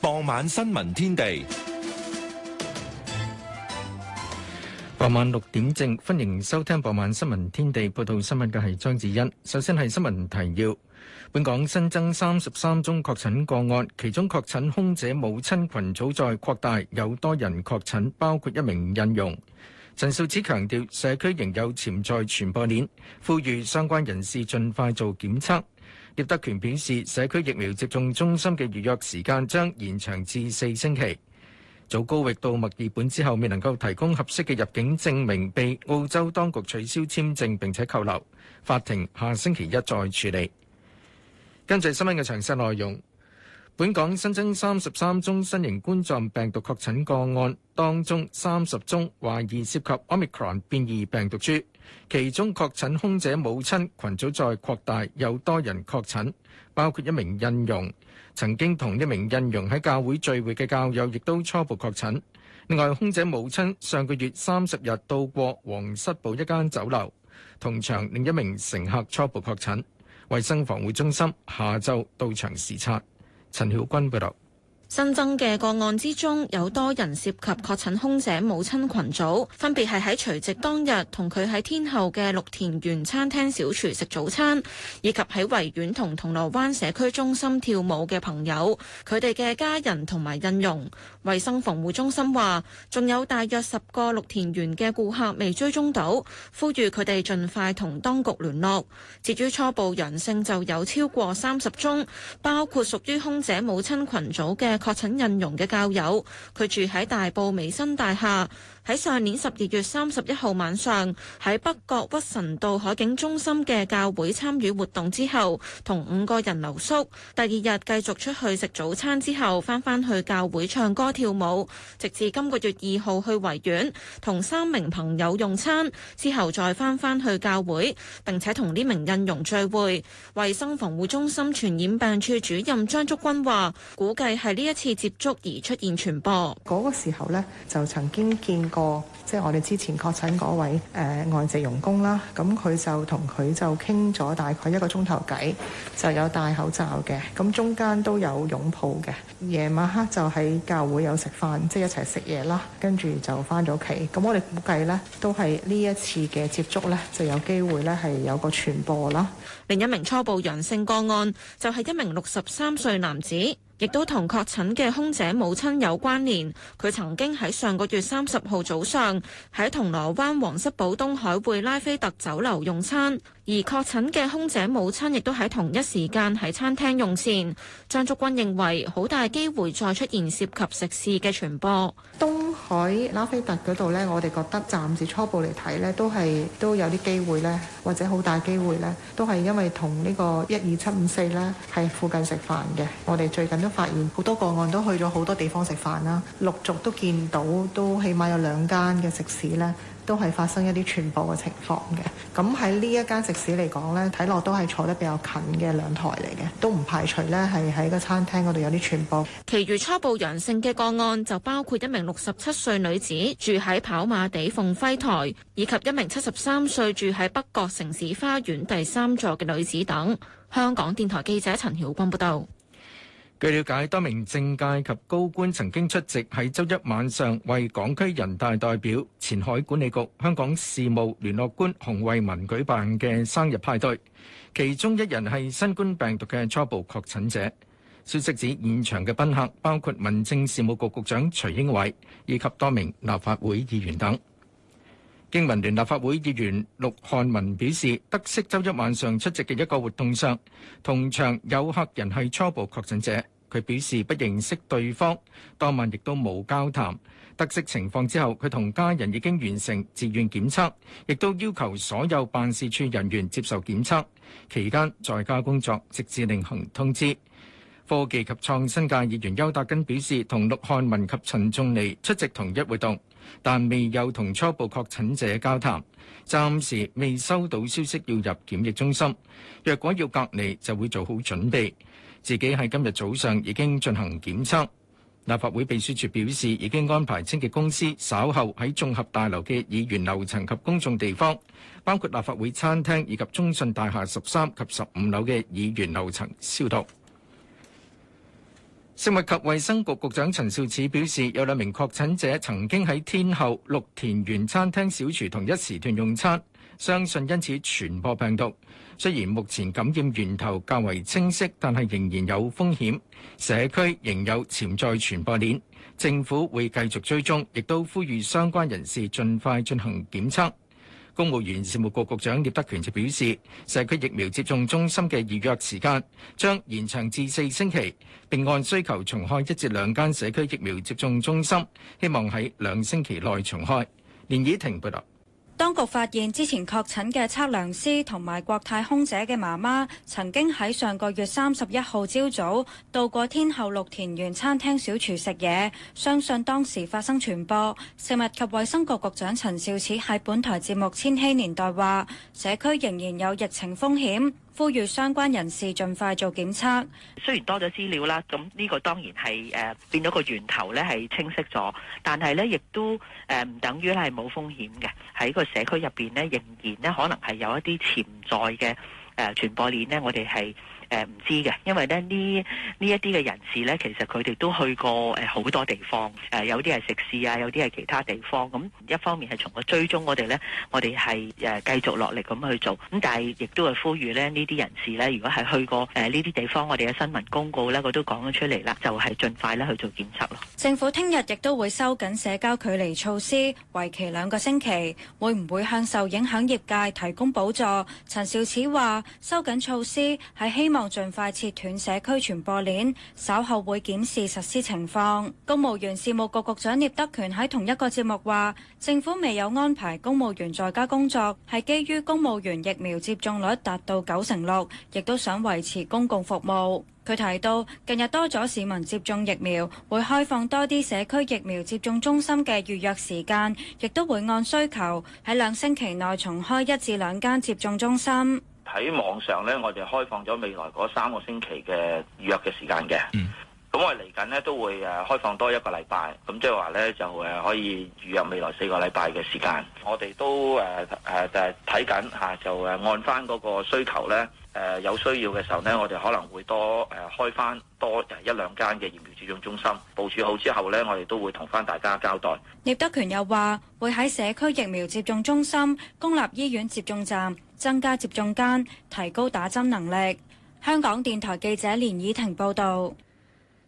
傍晚新聞天地，傍晚六點正，歡迎收聽傍晚新聞天地。報道新聞嘅係張子欣。首先係新聞提要：本港新增三十三宗確診個案，其中確診空姐母親群組再擴大，有多人確診，包括一名印傭。陳肇始強調，社區仍有潛在傳播鏈，呼籲相關人士盡快做檢測。葉德權表示，社區疫苗接種中心嘅預約時間將延長至四星期。早高域到墨爾本之後，未能夠提供合適嘅入境證明，被澳洲當局取消簽證並且扣留。法庭下星期一再處理。跟住新聞嘅詳細內容。本港新增三十三宗新型冠狀病毒確診個案，當中三十宗懷疑涉及 omicron 變異病毒株。其中確診空姐母親群組再擴大，有多人確診，包括一名印傭。曾經同一名印傭喺教會聚會嘅教友亦都初步確診，另外，空姐母親上個月三十日到過皇室堡一間酒樓，同場另一名乘客初步確診，衛生防護中心下晝到場視察。陳曉君報道，新增嘅個案之中，有多人涉及確診空姐母親群組，分別係喺除夕當日同佢喺天后嘅綠田園餐廳小廚食早餐，以及喺維園同銅鑼灣社區中心跳舞嘅朋友，佢哋嘅家人同埋印傭。衛生防護中心話，仲有大約十個綠田園嘅顧客未追蹤到，呼籲佢哋盡快同當局聯絡。至於初步人性就有超過三十宗，包括屬於空姐母親群組嘅確診人容嘅教友，佢住喺大埔美新大廈。喺上年十二月三十一號晚上，喺北角屈臣道海景中心嘅教會參與活動之後，同五個人留宿。第二日繼續出去食早餐之後，翻返去教會唱歌跳舞，直至今個月二號去維園同三名朋友用餐之後，再翻返去教會，並且同呢名印傭聚會。衛生防護中心傳染病處主任張竹君話：估計係呢一次接觸而出現傳播。嗰個時候呢，就曾經見。個即係我哋之前確診嗰位誒、呃、外籍傭工啦，咁佢就同佢就傾咗大概一個鐘頭偈，就有戴口罩嘅，咁中間都有擁抱嘅，夜晚黑就喺教會有食飯，即係一齊食嘢啦，跟住就翻咗屋企。咁我哋估計呢都係呢一次嘅接觸呢，就有機會呢係有個傳播啦。另一名初步陽性個案就係一名六十三歲男子。亦都同確診嘅空姐母親有關聯，佢曾經喺上個月三十號早上喺銅鑼灣皇室堡東海匯拉菲特酒樓用餐。而確診嘅空姐母親亦都喺同一時間喺餐廳用膳。張竹君認為好大機會再出現涉及食肆嘅傳播。東海拉菲特嗰度呢，我哋覺得暫時初步嚟睇呢，都係都有啲機會呢，或者好大機會呢，都係因為同呢個一二七五四呢係附近食飯嘅。我哋最近都發現好多個案都去咗好多地方食飯啦，陸續都見到都起碼有兩間嘅食肆呢。都係發生一啲傳播嘅情況嘅。咁喺呢一間食肆嚟講，呢睇落都係坐得比較近嘅兩枱嚟嘅，都唔排除呢係喺個餐廳嗰度有啲傳播。其餘初步陽性嘅個案就包括一名六十七歲女子住喺跑馬地鳳輝台，以及一名七十三歲住喺北角城市花園第三座嘅女子等。香港電台記者陳曉君報道。據了解，多名政界及高官曾經出席喺周一晚上為港區人大代表前海管理局香港事務聯絡官洪為民舉辦嘅生日派對，其中一人係新冠病毒嘅初步確診者。消息指，現場嘅賓客包括民政事務局局，局長徐英偉以及多名立法會議員等。經民聯立法會議員陸漢文表示，得悉周一晚上出席嘅一個活動上，同場有客人係初步確診者。佢表示不認識對方，當晚亦都冇交談。得悉情況之後，佢同家人已經完成自願檢測，亦都要求所有辦事處人員接受檢測。期間在家工作，直至另行通知。科技及創新界議員邱達根表示，同陸漢文及陳仲尼出席同一活動，但未有同初步確診者交談，暫時未收到消息要入檢疫中心。若果要隔離，就會做好準備。自己喺今日早上已經進行檢測。立法會秘書處表示，已經安排清潔公司稍後喺綜合大樓嘅議員樓層及公眾地方，包括立法會餐廳以及中信大廈十三及十五樓嘅議員樓層消毒。食物及衛生局局長陳肇始表示，有兩名確診者曾經喺天后綠田園餐廳小廚同一時段用餐。相信因此傳播病毒。雖然目前感染源頭較為清晰，但係仍然有風險，社區仍有潛在傳播鏈。政府會繼續追蹤，亦都呼籲相關人士盡快進行檢測。公務員事務局局長聶德權就表示，社區疫苗接種中心嘅預約時間將延長至四星期，並按需求重開一至兩間社區疫苗接種中心，希望喺兩星期內重開。連倚婷報道。當局發現之前確診嘅測量師同埋國泰空姐嘅媽媽曾經喺上個月三十一號朝早到過天后綠田園餐廳小廚食嘢，相信當時發生傳播。食物及衛生局局長陳肇始喺本台節目《千禧年代》話：社區仍然有疫情風險。呼籲相關人士盡快做檢測。雖然多咗資料啦，咁呢個當然係誒、呃、變咗個源頭咧係清晰咗，但係咧亦都誒唔等於係冇風險嘅。喺個社區入邊咧，仍然咧可能係有一啲潛在嘅誒、呃、傳播鏈咧，我哋係。誒唔、嗯、知嘅，因為咧呢呢一啲嘅人士呢，其實佢哋都去過誒好、呃、多地方，誒有啲係食肆啊，有啲係其他地方。咁一方面係從個追蹤，我哋呢，我哋係誒繼續落力咁去做。咁但係亦都係呼籲咧，呢啲人士呢，如果係去過誒呢啲地方，我哋嘅新聞公告呢，我都講咗出嚟啦，就係、是、盡快呢去做檢測咯。政府聽日亦都會收緊社交距離措施，為期兩個星期。會唔會向受影響業界提供補助？陳肇始話：收緊措施係希希望盡快切斷社區傳播鏈，稍後會檢視實施情況。公務員事務局局長聶德權喺同一個節目話，政府未有安排公務員在家工作，係基於公務員疫苗接種率達到九成六，亦都想維持公共服務。佢提到，近日多咗市民接種疫苗，會開放多啲社區疫苗接種中心嘅預約時間，亦都會按需求喺兩星期內重開一至兩間接種中心。喺網上咧，我哋開放咗未來嗰三個星期嘅預約嘅時間嘅。嗯咁我嚟緊咧都會誒開放多一個禮拜，咁即係話咧就誒可以預約未來四個禮拜嘅時間。我哋都誒誒就睇緊嚇，就誒按翻嗰個需求咧誒有需要嘅時候咧，我哋可能會多誒開翻多一兩間嘅疫苗接種中心，部署好之後咧，我哋都會同翻大家交代。聶德權又話會喺社區疫苗接種中心、公立醫院接種站增加接種間，提高打針能力。香港電台記者連以婷報導。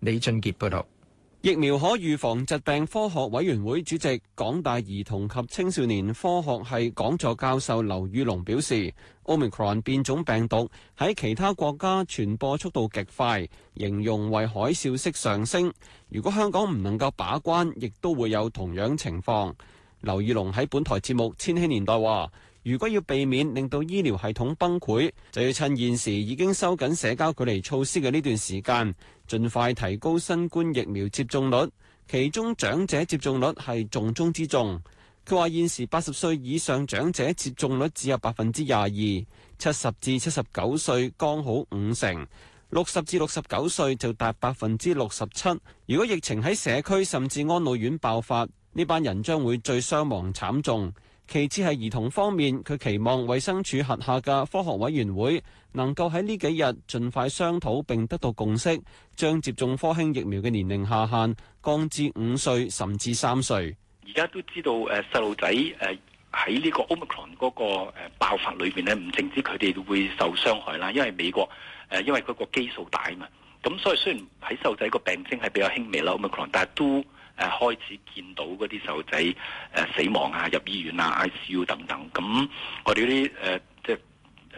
李俊傑報道，疫苗可預防疾病科學委員會主席、港大兒童及青少年科學系講座教授劉宇龍表示，奧密克戎變種病毒喺其他國家傳播速度極快，形容為海嘯式上升。如果香港唔能夠把關，亦都會有同樣情況。劉宇龍喺本台節目《千禧年代》話：如果要避免令到醫療系統崩潰，就要趁現時已經收緊社交距離措施嘅呢段時間。盡快提高新冠疫苗接種率，其中長者接種率係重中之重。佢話現時八十歲以上長者接種率只有百分之廿二，七十至七十九歲剛好五成，六十至六十九歲就達百分之六十七。如果疫情喺社區甚至安老院爆發，呢班人將會最傷亡慘重。其次係兒童方面，佢期望衛生署轄下嘅科學委員會能夠喺呢幾日盡快商討並得到共識，將接種科興疫苗嘅年齡下限降至五歲，甚至三歲。而家都知道，誒細路仔誒喺呢個奧密克戎嗰個誒爆發裏邊咧，唔淨止佢哋會受傷害啦，因為美國誒、呃、因為佢個基數大啊嘛，咁所以雖然喺細路仔個病徵係比較輕微啦，奧密克戎但係都。誒開始見到嗰啲細路仔誒死亡啊，入醫院啊，I C U 等等。咁我哋啲誒即係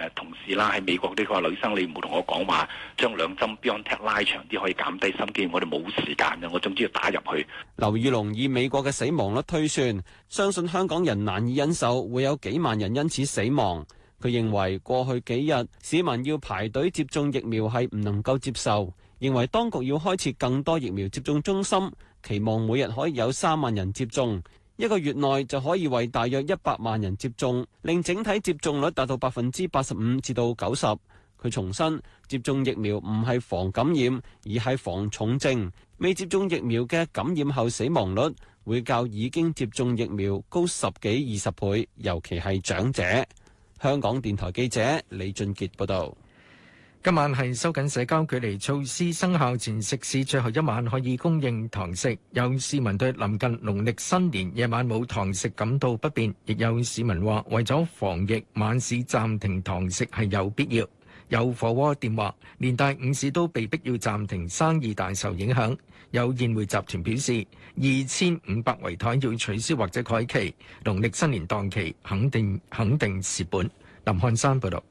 誒同事啦，喺美國啲個醫生，你唔好同我講話，將兩針 Biontech 拉長啲，可以減低心肌。我哋冇時間㗎，我總之要打入去。劉宇龍以美國嘅死亡率推算，相信香港人難以忍受，會有幾萬人因此死亡。佢認為過去幾日市民要排隊接種疫苗係唔能夠接受，認為當局要開設更多疫苗接種中心。期望每日可以有三萬人接種，一個月內就可以為大約一百萬人接種，令整體接種率達到百分之八十五至到九十。佢重申，接種疫苗唔係防感染，而係防重症。未接種疫苗嘅感染後死亡率會較已經接種疫苗高十幾二十倍，尤其係長者。香港電台記者李俊傑報導。今晚係收緊社交距離措施生效前食肆，最後一晚可以供應堂食，有市民對臨近農曆新年夜晚冇堂食感到不便，亦有市民話為咗防疫晚市暫停堂食係有必要。有火鍋店話連帶午市都被迫要暫停生意，大受影響。有宴會集團表示二千五百圍台要取消或者改期，農曆新年檔期肯定肯定蝕本。林漢山報導。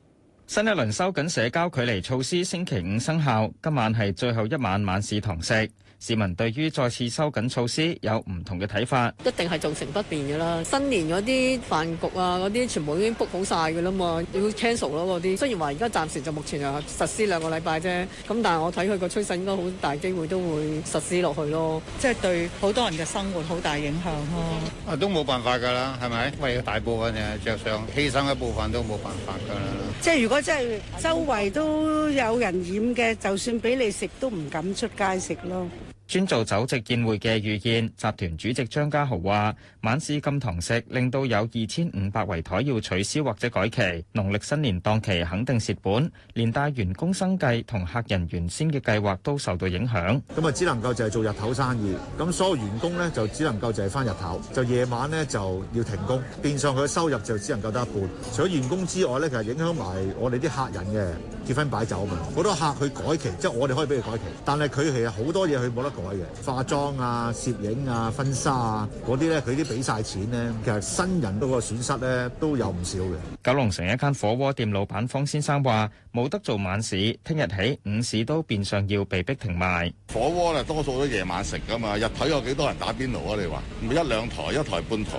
新一輪收緊社交距離措施星期五生效，今晚係最後一晚晚市堂食。市民對於再次收緊措施有唔同嘅睇法，一定係造成不便㗎啦。新年嗰啲飯局啊，嗰啲全部已經 book 好晒㗎啦嘛，要 cancel 咯嗰啲。雖然話而家暫時就目前就實施兩個禮拜啫，咁但係我睇佢個趨勢，應該好大機會都會實施落去咯。即係對好多人嘅生活好大影響咯。啊，都冇辦法㗎啦，係咪？為大部分嘅着想犧牲一部分都冇辦法㗎啦。即係如果真係周圍都有人染嘅，就算俾你食都唔敢出街食咯。專做酒席宴會嘅預宴集團主席張家豪話：晚市禁堂食令到有二千五百圍枱要取消或者改期，農曆新年檔期肯定蝕本，連帶員工生計同客人原先嘅計劃都受到影響。咁啊，只能夠就係做日頭生意，咁所有員工呢就只能夠就係返日頭，就夜晚呢就要停工，變相佢嘅收入就只能夠得一半。除咗員工之外呢，其實影響埋我哋啲客人嘅結婚擺酒啊嘛，好多客佢改期，即係我哋可以俾佢改期，但係佢其實好多嘢佢冇得。改嘅化妝啊、攝影啊、婚紗啊嗰啲咧，佢啲俾晒錢咧，其實新人嗰個損失咧都有唔少嘅。九龍城一間火鍋店老闆方先生話：冇得做晚市，聽日起午市都變相要被逼停賣。火鍋咧多數都夜晚食㗎嘛，日頭有幾多人打邊爐啊？你話咪一兩台，一台半台，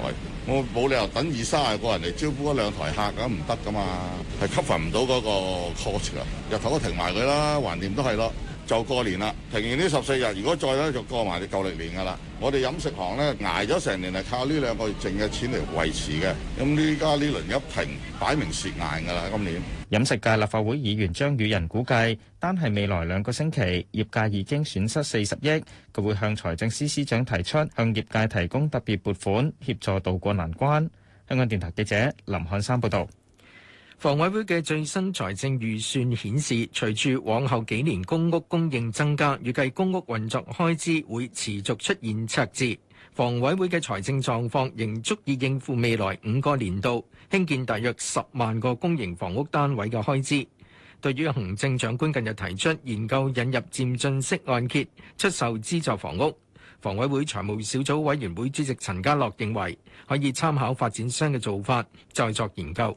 我冇理由等二三十個人嚟招呼一兩台客咁唔得㗎嘛，係 cover 唔到嗰個 cost 㗎，日頭都停埋佢啦，橫掂都係咯。就過年啦，停完呢十四日，如果再咧就過埋啲舊歷年㗎啦。我哋飲食行咧捱咗成年係靠呢兩個月剩嘅錢嚟維持嘅，咁呢家呢輪一停，擺明蝕硬㗎啦。今年飲食界立法會議員張宇人估計，單係未來兩個星期，業界已經損失四十億。佢會向財政司司長提出向業界提供特別撥款，協助渡過難關。香港電台記者林漢山報道。房委會嘅最新財政預算顯示，隨住往後幾年公屋供應增加，預計公屋運作開支會持續出現赤字。房委會嘅財政狀況仍足以應付未來五個年度興建大約十萬個公營房屋單位嘅開支。對於行政長官近日提出研究引入漸進式按揭出售資助房屋，房委會財務小組委員會主席陳家樂認為可以參考發展商嘅做法，再作研究。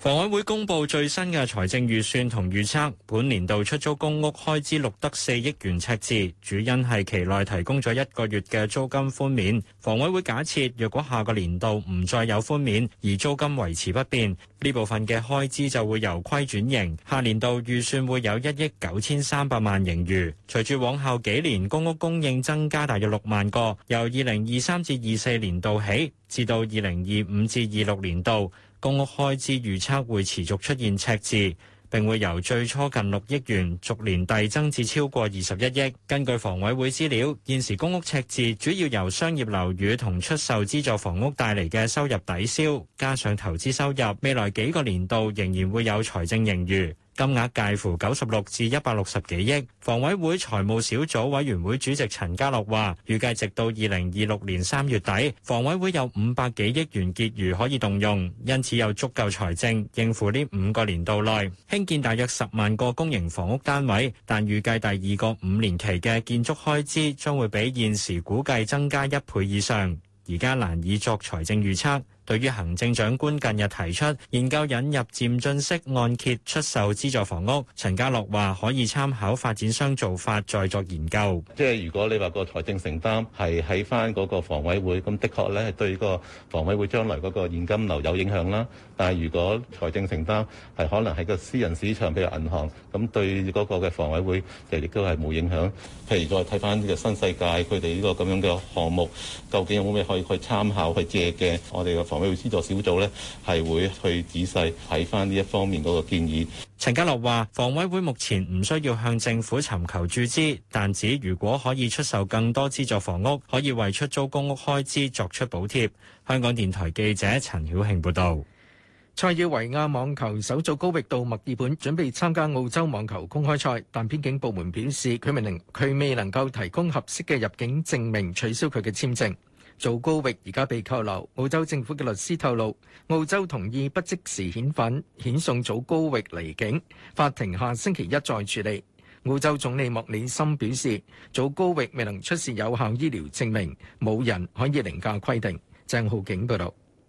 房委會公布最新嘅財政預算同預測，本年度出租公屋開支錄得四億元赤字，主因係期內提供咗一個月嘅租金寬免。房委會假設若果下個年度唔再有寬免，而租金維持不變，呢部分嘅開支就會由虧轉盈。下年度預算會有一億九千三百萬盈餘。隨住往後幾年公屋供應增加，大約六萬個，由二零二三至二四年度起，至到二零二五至二六年度。公屋開支預測會持續出現赤字，並會由最初近六億元逐年遞增至超過二十一億。根據房委會資料，現時公屋赤字主要由商業樓宇同出售資助房屋帶嚟嘅收入抵消，加上投資收入，未來幾個年度仍然會有財政盈餘。金額介乎九十六至一百六十幾億。房委會財務小組委員會主席陳家樂話，預計直到二零二六年三月底，房委會有五百幾億元結餘可以動用，因此有足夠財政應付，呢五個年度內，興建大約十萬個公營房屋單位。但預計第二個五年期嘅建築開支將會比現時估計增加一倍以上，而家難以作財政預測。對於行政長官近日提出研究引入漸進式按揭出售資助房屋，陳家樂話可以參考發展商做法再作研究。即係如果你話個財政承擔係喺返嗰個房委會，咁的確咧係對個房委會將來嗰個現金流有影響啦。但係如果財政承擔係可能係個私人市場，譬如銀行，咁對嗰個嘅房委會就亦都係冇影響。譬如再睇返呢個新世界，佢哋呢個咁樣嘅項目，究竟有冇咩可以去參考去借嘅我哋嘅房？委員資助小組呢，係會去仔細睇翻呢一方面嗰個建議。陳家洛話：房委會目前唔需要向政府尋求注資，但指如果可以出售更多資助房屋，可以為出租公屋開支作出補貼。香港電台記者陳曉慶報道，塞爾維亞網球手祖高域到墨爾本準備參加澳洲網球公開賽，但邊境部門表示佢未能佢未能夠提供合適嘅入境證明，取消佢嘅簽證。早高域而家被扣留，澳洲政府嘅律師透露，澳洲同意不即時遣返，遣送早高域離境，法庭下星期一再處理。澳洲總理莫里森表示，早高域未能出示有效醫療證明，冇人可以凌駕規定。鄭浩景報道。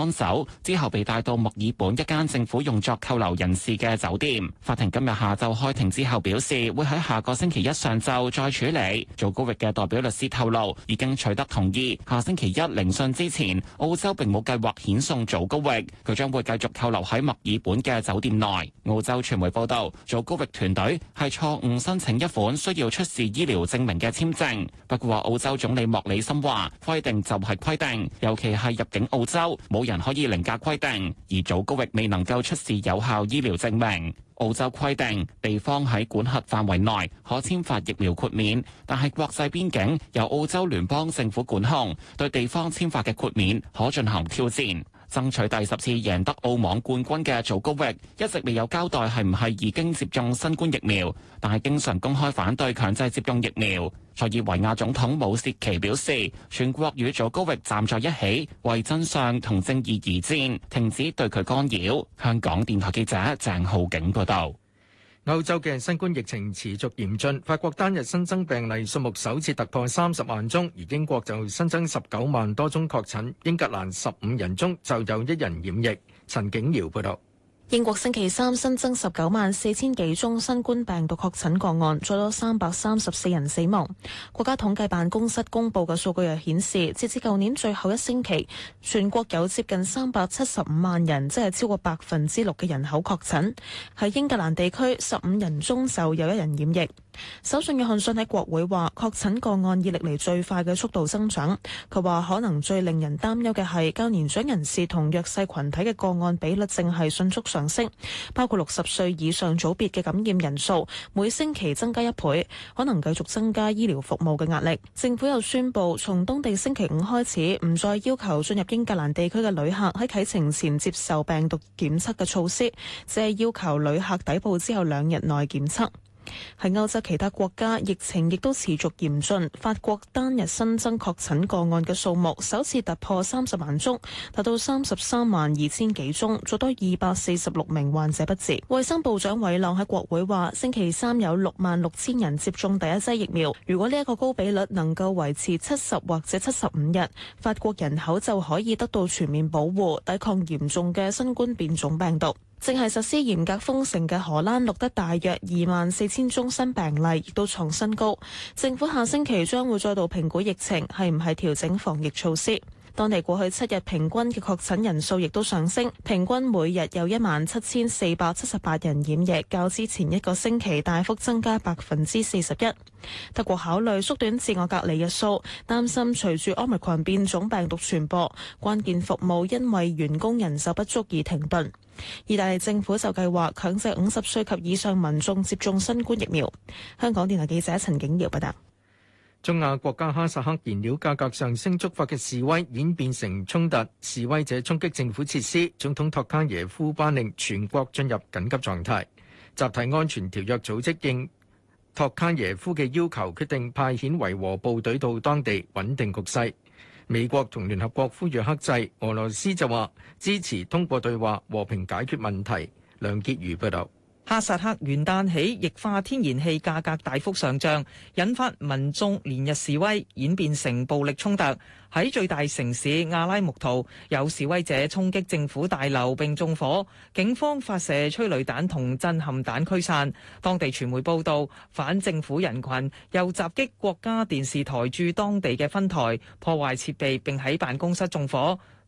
幫手之後被帶到墨爾本一間政府用作扣留人士嘅酒店。法庭今日下晝開庭之後表示，會喺下個星期一上晝再處理。做高域嘅代表律師透露，已經取得同意，下星期一聆訊之前，澳洲並冇計劃遣送做高域，佢將會繼續扣留喺墨爾本嘅酒店內，澳洲傳媒報道，做高域團隊係錯誤申請一款需要出示醫療證明嘅簽證，不過話澳洲總理莫里森話規定就係規定，尤其係入境澳洲冇人可以凌駕規定，而祖高域未能夠出示有效醫療證明。澳洲規定，地方喺管轄範圍內可簽發疫苗豁免，但係國際邊境由澳洲聯邦政府管控，對地方簽發嘅豁免可進行挑戰。爭取第十次贏得澳網冠軍嘅祖高域一直未有交代係唔係已經接種新冠疫苗，但係經常公開反對強制接種疫苗。塞爾維亞總統武契奇表示，全國與祖高域站在一起，為真相同正義而戰，停止對佢干擾。香港電台記者鄭浩景報道。歐洲嘅新冠疫情持續嚴峻，法國單日新增病例數目首次突破三十萬宗，而英國就新增十九萬多宗確診，英格蘭十五人中就有一人染疫。陳景堯報道。英國星期三新增十九萬四千幾宗新冠病毒確診個案，再多三百三十四人死亡。國家統計辦公室公布嘅數據又顯示，截至舊年最後一星期，全國有接近三百七十五萬人，即係超過百分之六嘅人口確診。喺英格蘭地區，十五人中就有一人染疫。首相約翰遜喺國會話，確診個案以歷嚟最快嘅速度增長。佢話可能最令人擔憂嘅係，較年長人士同弱勢群體嘅個案比率正係迅速上升，包括六十歲以上組別嘅感染人數每星期增加一倍，可能繼續增加醫療服務嘅壓力。政府又宣佈，從當地星期五開始，唔再要求進入英格蘭地區嘅旅客喺啟程前接受病毒檢測嘅措施，只係要求旅客抵埗之後兩日內檢測。喺歐洲其他國家，疫情亦都持續嚴峻。法國單日新增確診個案嘅數目首次突破三十萬宗，達到三十三萬二千幾宗，再多二百四十六名患者不治。衛生部長韋朗喺國會話：星期三有六萬六千人接種第一劑疫苗。如果呢一個高比率能夠維持七十或者七十五日，法國人口就可以得到全面保護，抵抗嚴重嘅新冠變種病毒。正係實施嚴格封城嘅荷蘭錄得大約二萬四千宗新病例，亦都創新高。政府下星期將會再度評估疫情，係唔係調整防疫措施。當地過去七日平均嘅確診人數亦都上升，平均每日有一萬七千四百七十八人染疫，較之前一個星期大幅增加百分之四十一。德國考慮縮短自我隔離日數，擔心隨住奧密克戎變種病毒傳播，關鍵服務因為員工人手不足而停頓。意大利政府就計劃強制五十歲及以上民眾接種新冠疫苗。香港電台記者陳景瑤報道。中亞國家哈薩克燃料價格上升觸發嘅示威演變成衝突，示威者衝擊政府設施，總統托卡耶夫頒令全國進入緊急狀態。集體安全條約組織應托卡耶夫嘅要求，決定派遣維和部隊到當地穩定局勢。美國同聯合國呼籲克制，俄羅斯就話支持通過對話和平解決問題。梁潔如報道。哈薩克元旦起液化天然氣價格大幅上漲，引發民眾連日示威，演變成暴力衝突。喺最大城市阿拉木圖，有示威者衝擊政府大樓並縱火，警方發射催淚彈同震撼彈驅散。當地傳媒報道，反政府人群又襲擊國家電視台駐當地嘅分台，破壞設備並喺辦公室縱火。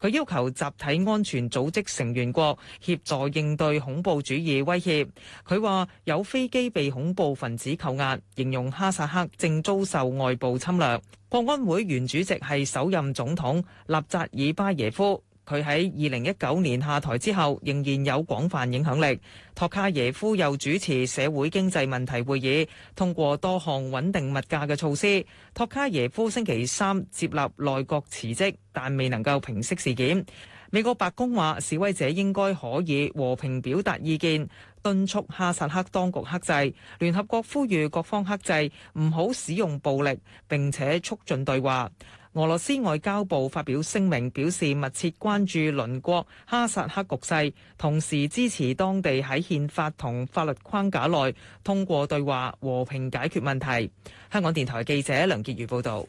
佢要求集體安全組織成員國協助應對恐怖主義威脅。佢話有飛機被恐怖分子扣押，形容哈薩克正遭受外部侵略。國安會原主席係首任總統納扎爾巴耶夫。佢喺2019年下台之後，仍然有廣泛影響力。托卡耶夫又主持社會經濟問題會議，通過多項穩定物價嘅措施。托卡耶夫星期三接納內閣辭職，但未能夠平息事件。美國白宮話示威者應該可以和平表達意見，敦促哈薩克當局克制。聯合國呼籲各方克制，唔好使用暴力，並且促進對話。俄羅斯外交部發表聲明，表示密切關注鄰國哈薩克局勢，同時支持當地喺憲法同法律框架內通過對話和平解決問題。香港電台記者梁潔如報道：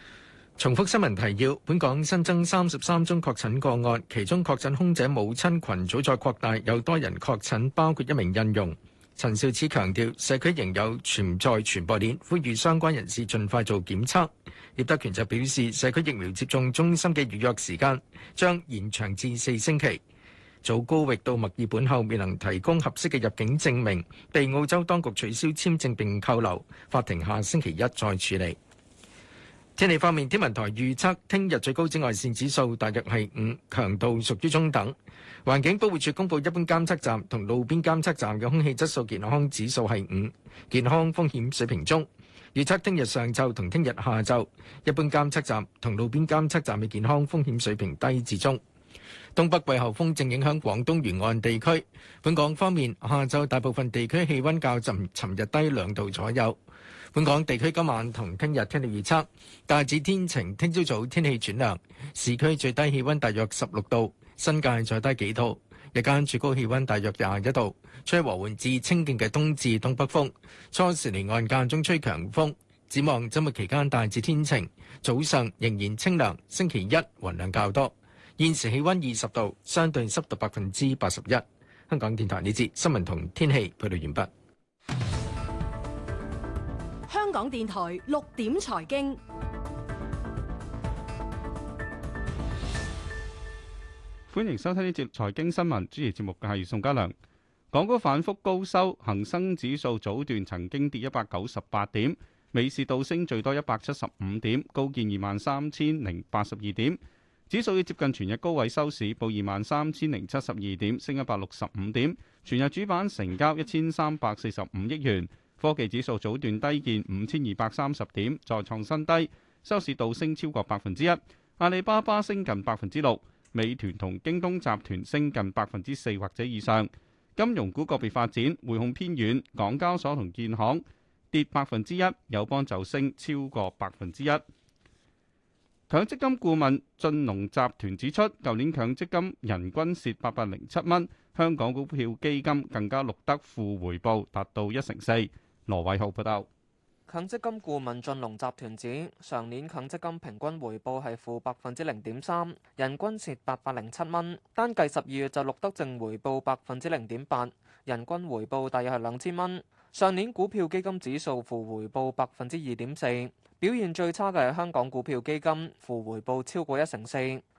「重複新聞提要：本港新增三十三宗確診個案，其中確診空姐母親群組再擴大，有多人確診，包括一名印傭。」陳肇始強調社區仍有存在傳播鏈，呼籲相關人士盡快做檢測。聶德權就表示，社區疫苗接種中心嘅預約時間將延長至四星期。祖高域到墨爾本後，未能提供合適嘅入境證明，被澳洲當局取消簽證並扣留，法庭下星期一再處理。天氣方面，天文台預測聽日最高紫外線指數大約係五，強度屬於中等。環境保護署公布，一般監測站同路邊監測站嘅空氣質素健康指數係五，健康風險水平中。預測聽日上晝同聽日下晝，一般監測站同路邊監測站嘅健康風險水平低至中。東北季候風正影響廣東沿岸地區。本港方面，下晝大部分地區氣温較尋尋日低兩度左右。本港地區今晚同聽日天氣預測大致天晴，聽朝早天氣轉涼，市區最低氣温大約十六度，新界再低幾度，日間最高氣温大約廿一度，吹和緩至清勁嘅東至東北風，初時離岸間中吹強風。展望周末期間大致天晴，早上仍然清涼，星期一雲量較多。現時氣温二十度，相對濕度百分之八十一。香港電台呢節新聞同天氣報道完畢。香港電台六點財經，歡迎收聽呢節財經新聞。主持節目嘅係宋家良。港股反復高收，恒生指數早段曾經跌一百九十八點，美市倒升最多一百七十五點，高見二萬三千零八十二點。指數要接近全日高位收市，報二萬三千零七十二點，升一百六十五點。全日主板成交一千三百四十五億元。科技指數早段低見五千二百三十點，再創新低，收市倒升超過百分之一。阿里巴巴升近百分之六，美團同京東集團升近百分之四或者以上。金融股個別發展，匯控偏軟，港交所同建行跌百分之一，友邦就升超過百分之一。強積金顧問進龍集團指出，舊年強積金人均蝕八百零七蚊，香港股票基金更加錄得負回報，達到一成四。羅偉浩報道，強積金顧問進龍集團指，上年強積金平均回報係負百分之零點三，人均蝕八百零七蚊。單計十二月就錄得正回報百分之零點八，人均回報大約係兩千蚊。上年股票基金指數負回報百分之二點四。表現最差嘅係香港股票基金，負回報超過一成四；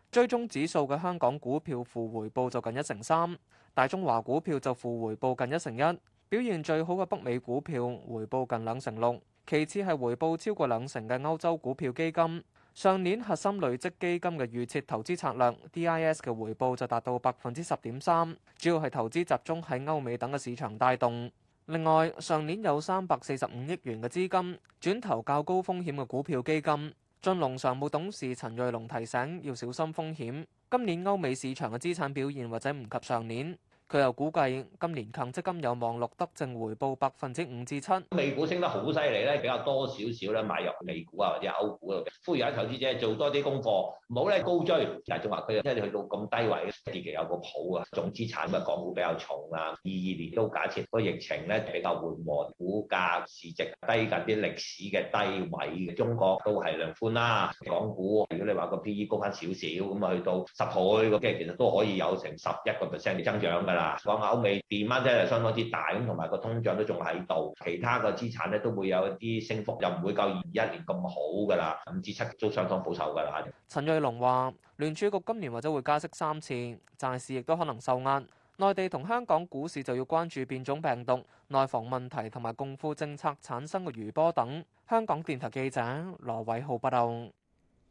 追蹤指數嘅香港股票負回報就近一成三，大中華股票就負回報近一成一。表現最好嘅北美股票回報近兩成六，其次係回報超過兩成嘅歐洲股票基金。上年核心累積基金嘅預設投資策略 DIS 嘅回報就達到百分之十點三，主要係投資集中喺歐美等嘅市場帶動。另外，上年有三百四十五億元嘅資金轉投較高風險嘅股票基金。俊龍常務董事陳瑞龍提醒，要小心風險。今年歐美市場嘅資產表現或者唔及上年。佢又估計今年強積金有望錄得正回報百分之五至七。美股升得好犀利咧，比較多少少咧買入美股啊或者歐股嗰度嘅。呼籲啲投資者做多啲功課，唔好咧高追大中華佢因為你去到咁低位，時期有個譜啊。總資產嘅港股比較重啊。二二年都假設個疫情咧比較緩和，股價市值低近啲歷史嘅低位嘅中國都係量寬啦。港股如果你話個 P E 高翻少少咁啊，去到十倍咁嘅，其實都可以有成十一個 percent 嘅增長㗎啦。講歐美跌乜啫，就相當之大咁，同埋個通脹都仲喺度。其他個資產咧都會有一啲升幅，又唔會夠二二一年咁好噶啦，五至七都相當保守噶啦。陳瑞龍話：聯儲局今年或者會加息三次，債市亦都可能受壓。內地同香港股市就要關注變種病毒、內房問題同埋共富政策產生嘅餘波等。香港電台記者羅偉浩報道。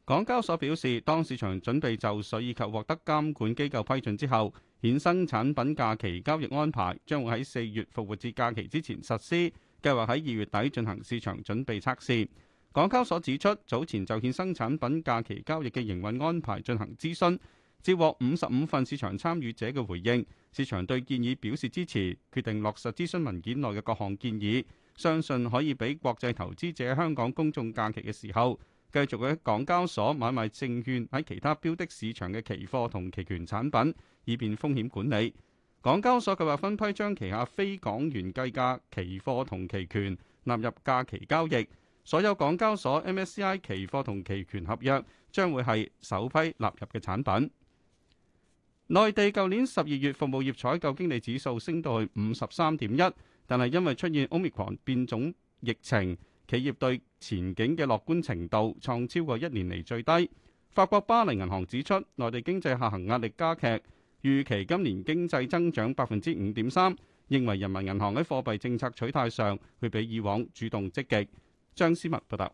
港交所表示，當市場準備就緒以及獲得監管機構批准之後，衍生產品假期交易安排將會喺四月復活節假期之前實施。計劃喺二月底進行市場準備測試。港交所指出，早前就衍生產品假期交易嘅營運安排進行諮詢，接獲五十五份市場參與者嘅回應，市場對建議表示支持，決定落實諮詢文件內嘅各項建議，相信可以俾國際投資者香港公眾假期嘅時候，繼續喺港交所買賣證券，喺其他標的市場嘅期貨同期權產品，以便風險管理。港交所計劃分批將旗下非港元計價期貨同期權納入假期交易。所有港交所 MSCI 期貨同期權合約將會係首批納入嘅產品。內地舊年十二月服務業採購經理指數升到去五十三點一，但係因為出現 Omicron 變種疫情。企業對前景嘅樂觀程度創超過一年嚟最低。法國巴黎銀行指出，內地經濟下行壓力加劇，預期今年經濟增長百分之五點三，認為人民銀行喺貨幣政策取態上會比以往主動積極。張思密報道。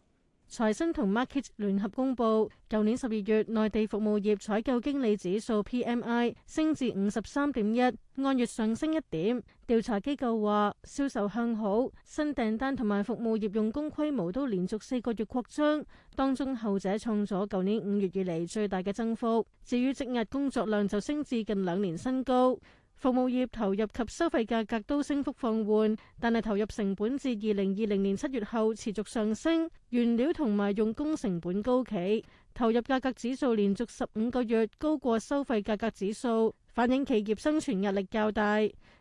財新同 Markit 聯合公布，舊年十二月內地服務業採購經理指數 PMI 升至五十三點一，按月上升一點。調查機構話，銷售向好，新訂單同埋服務業用工規模都連續四個月擴張，當中後者創咗舊年五月以嚟最大嘅增幅。至於積壓工作量就升至近兩年新高。服務業投入及收費價格都升幅放緩，但係投入成本自二零二零年七月後持續上升，原料同埋用工成本高企，投入價格指數連續十五個月高過收費價格指數，反映企業生存壓力較大。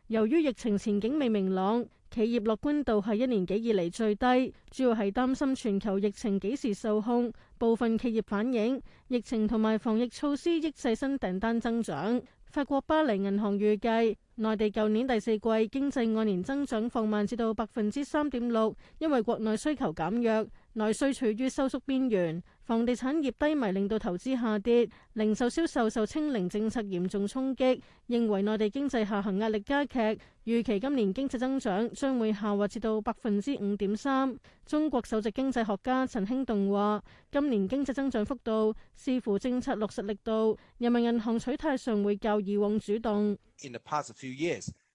由於疫情前景未明朗，企業樂觀度係一年幾以嚟最低，主要係擔心全球疫情幾時受控。部分企業反映疫情同埋防疫措施抑制新訂單增長。法國巴黎銀行預計，內地舊年第四季經濟按年增長放慢至到百分之三點六，因為國內需求減弱，內需處於收縮邊緣。房地產業低迷令到投資下跌，零售銷售受清零政策嚴重衝擊。認為內地經濟下行壓力加劇，預期今年經濟增長將會下滑至到百分之五點三。中國首席經濟學家陳興棟話：今年經濟增長幅度視乎政策落實力度，人民銀行取態上會較以往主動。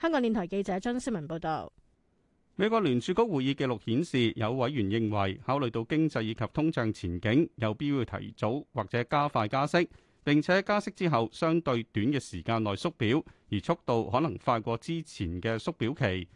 香港電台記者張思文報道：美國聯儲局會議記錄顯示，有委員認為，考慮到經濟以及通脹前景，有必要提早或者加快加息，並且加息之後相對短嘅時間內縮表，而速度可能快過之前嘅縮表期。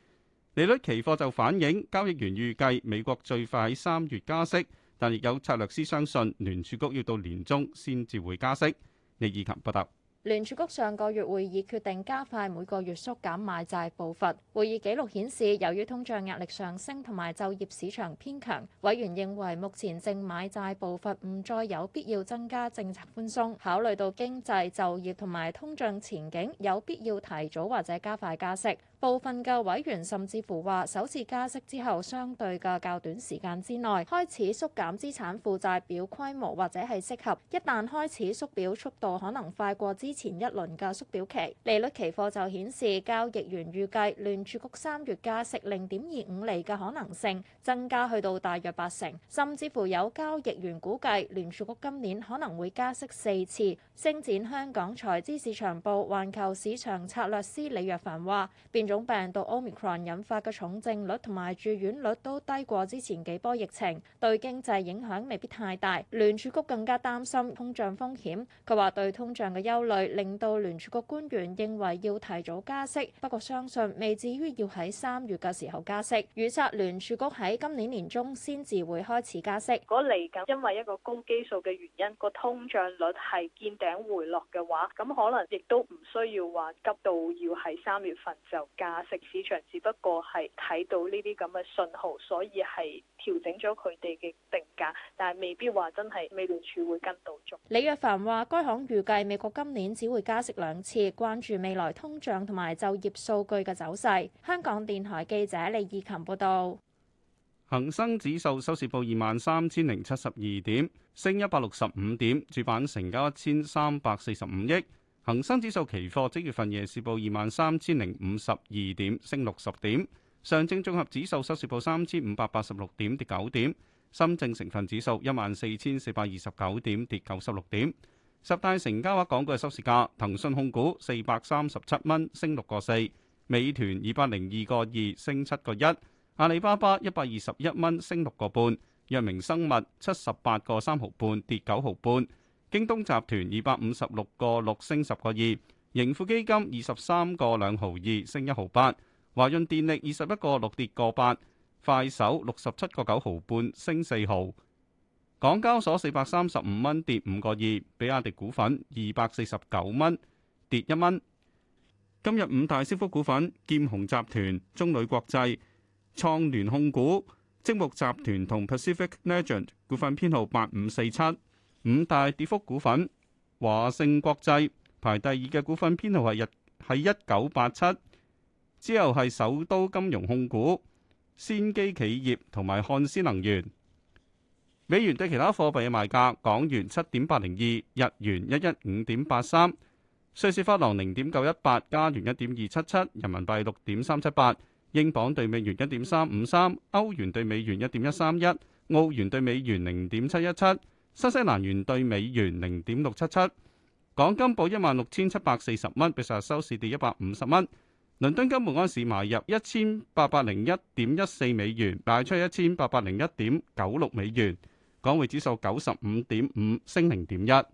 利率期貨就反映交易員預計美國最快喺三月加息，但亦有策略師相信聯儲局要到年中先至會加息。李以勤報道。聯儲局上個月會議決定加快每個月縮減買債步伐。會議記錄顯示，由於通脹壓力上升同埋就業市場偏強，委員認為目前淨買債步伐唔再有必要增加政策寬鬆。考慮到經濟就業同埋通脹前景，有必要提早或者加快加息。部分嘅委員甚至乎話，首次加息之後，相對嘅較短時間之內開始縮減資產負債表規模，或者係適合。一旦開始縮表速度可能快過之前一輪嘅縮表期。利率期貨就顯示交易員預計聯儲局三月加息零點二五厘嘅可能性增加去到大約八成，甚至乎有交易員估計聯儲局今年可能會加息四次。星展香港財資市場部環球市場策略師李若凡話：，變。種病毒 Omicron 引發嘅重症率同埋住院率都低過之前幾波疫情，對經濟影響未必太大。聯儲局更加擔心通脹風險，佢話對通脹嘅憂慮令到聯儲局官員認為要提早加息，不過相信未至於要喺三月嘅時候加息。預測聯儲局喺今年年中先至會開始加息。如果嚟緊因為一個高基數嘅原因，個通脹率係見頂回落嘅話，咁可能亦都唔需要話急到要喺三月份就。加息市場只不過係睇到呢啲咁嘅信號，所以係調整咗佢哋嘅定價，但係未必話真係美聯儲會跟到足。李若凡話，該行預計美國今年只會加息兩次，關注未來通脹同埋就業數據嘅走勢。香港電台記者李義琴報道。恒生指數收市報二萬三千零七十二點，升一百六十五點，主板成交一千三百四十五億。恒生指數期貨即月份夜市報二萬三千零五十二點，升六十點。上證綜合指數收市報三千五百八十六點，跌九點。深證成分指數一萬四千四百二十九點，跌九十六點。十大成交額港股嘅收市價：騰訊控股四百三十七蚊，升六個四；美團二百零二個二，升七個一；阿里巴巴一百二十一蚊，升六個半；藥明生物七十八個三毫半，跌九毫半。京東集團二百五十六個六升十個二，盈富基金二十三個兩毫二升一毫八，華潤電力二十一個六跌個八，快手六十七個九毫半升四毫，港交所四百三十五蚊跌五個二，比亞迪股份二百四十九蚊跌一蚊。今日五大升幅股份：劍虹集團、中旅國際、創聯控股、積木集團同 Pacific Legend 股份編號八五四七。五大跌幅股份，華盛國際排第二嘅股份編號係日係一九八七，之後係首都金融控股、先機企業同埋漢斯能源。美元對其他貨幣嘅賣價：港元七點八零二，日元一一五點八三，瑞士法郎零點九一八，加元一點二七七，人民幣六點三七八，英鎊對美元一點三五三，歐元對美元一點一三一，澳元對美元零點七一七。新西蘭元兌美元零點六七七，港金報一萬六千七百四十蚊，比上日收市跌一百五十蚊。倫敦金每安士買入一千八百零一點一四美元，賣出一千八百零一點九六美元。港匯指數九十五點五升零點一。